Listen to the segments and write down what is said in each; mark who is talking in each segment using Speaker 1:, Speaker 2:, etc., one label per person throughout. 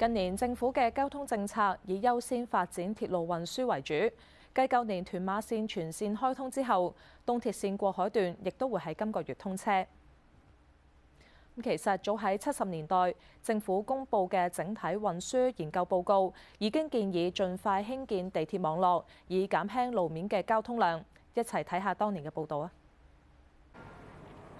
Speaker 1: 近年政府嘅交通政策以優先發展鐵路運輸為主。繼舊年屯馬綫全綫開通之後，東鐵綫過海段亦都會喺今個月通車。咁其實早喺七十年代，政府公佈嘅整體運輸研究報告已經建議盡快興建地鐵網絡，以減輕路面嘅交通量。一齊睇下當年嘅報道啊！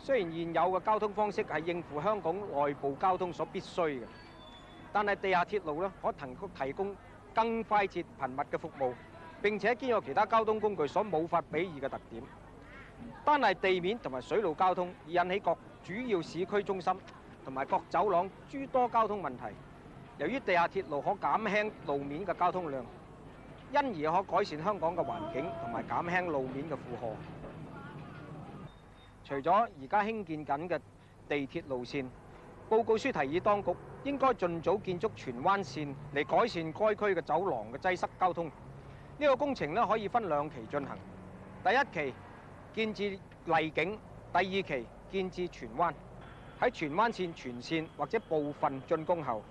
Speaker 2: 雖然現有嘅交通方式係應付香港內部交通所必須嘅。但係地下鐵路咧，可提供更快捷頻密嘅服務，並且兼有其他交通工具所無法比擬嘅特點。單係地面同埋水路交通，而引起各主要市區中心同埋各走廊諸多交通問題。由於地下鐵路可減輕路面嘅交通量，因而可改善香港嘅環境同埋減輕路面嘅負荷。除咗而家興建緊嘅地鐵路線，報告書提議當局，應該盡早建築荃灣線嚟改善該區嘅走廊嘅擠塞交通。呢個工程可以分兩期進行，第一期建至麗景，第二期建至荃灣。喺荃灣線全線或者部分竣工後，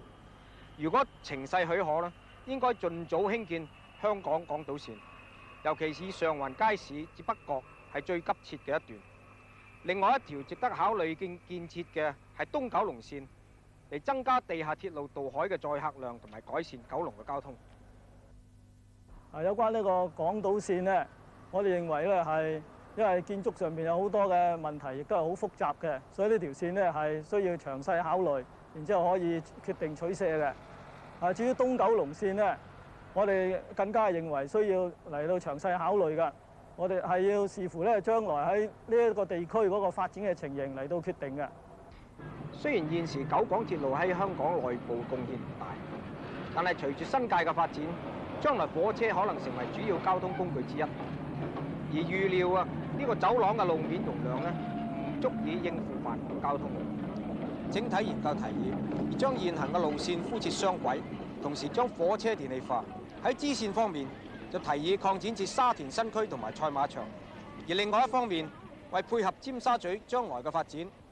Speaker 2: 如果情勢許可咧，應該盡早興建香港港島線，尤其是上環街市至北角係最急切嘅一段。另外一條值得考慮建建設嘅係東九龍線。嚟增加地下鐵路渡海嘅載客量，同埋改善九龍嘅交通。
Speaker 3: 啊，有關呢個港島線咧，我哋認為咧係因為建築上面有好多嘅問題，亦都係好複雜嘅，所以呢條線咧係需要詳細考慮，然之後可以決定取捨嘅。啊，至於東九龍線咧，我哋更加認為需要嚟到詳細考慮㗎。我哋係要視乎咧將來喺呢一個地區嗰個發展嘅情形嚟到決定嘅。雖然現時九廣鐵
Speaker 2: 路喺香港內部貢獻唔大，但係隨住新界嘅發展，將來火車可能成為主要交通工具之一。而預料啊，呢、呢個走廊嘅路面容量唔足以應付繁忙交通。整體研究提議，將現行嘅路線敷設雙軌，同時將火車電氣化。喺支線方面，就提議擴展至沙田新區同埋賽馬場。而另外一方面，為配合尖沙咀將來嘅發展。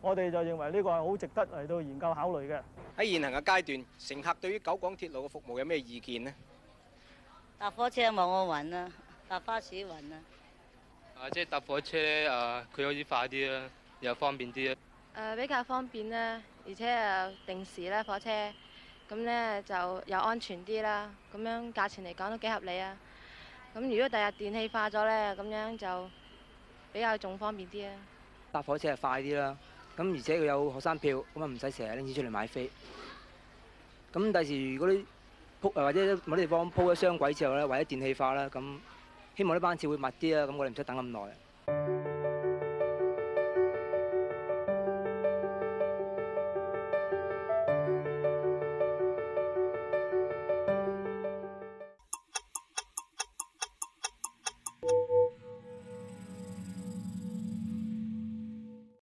Speaker 3: 我哋就認為呢個係好值得嚟到研究考慮嘅。
Speaker 2: 喺現行嘅階段，乘客對於九廣鐵路嘅服務有咩意見呢？
Speaker 1: 搭火車冇咁暈啦，搭巴士暈啦。
Speaker 3: 啊，即係搭火車咧，啊，佢好似快啲啦，又方便啲啊。
Speaker 1: 誒，比較方便啦，而且啊，定時啦，火車，咁咧就又安全啲啦。咁樣價錢嚟講都幾合理啊。咁如果第日電氣化咗咧，咁樣就比較仲方便啲啊。
Speaker 2: 搭火車係快啲啦。咁而且佢有學生票，咁，啊唔使成日拎錢出嚟買飛。咁第時如果啲鋪或者啲某啲地方鋪一雙軌之後咧，或者電氣化啦，咁希望呢班次會密啲啦，咁我哋唔使等咁耐。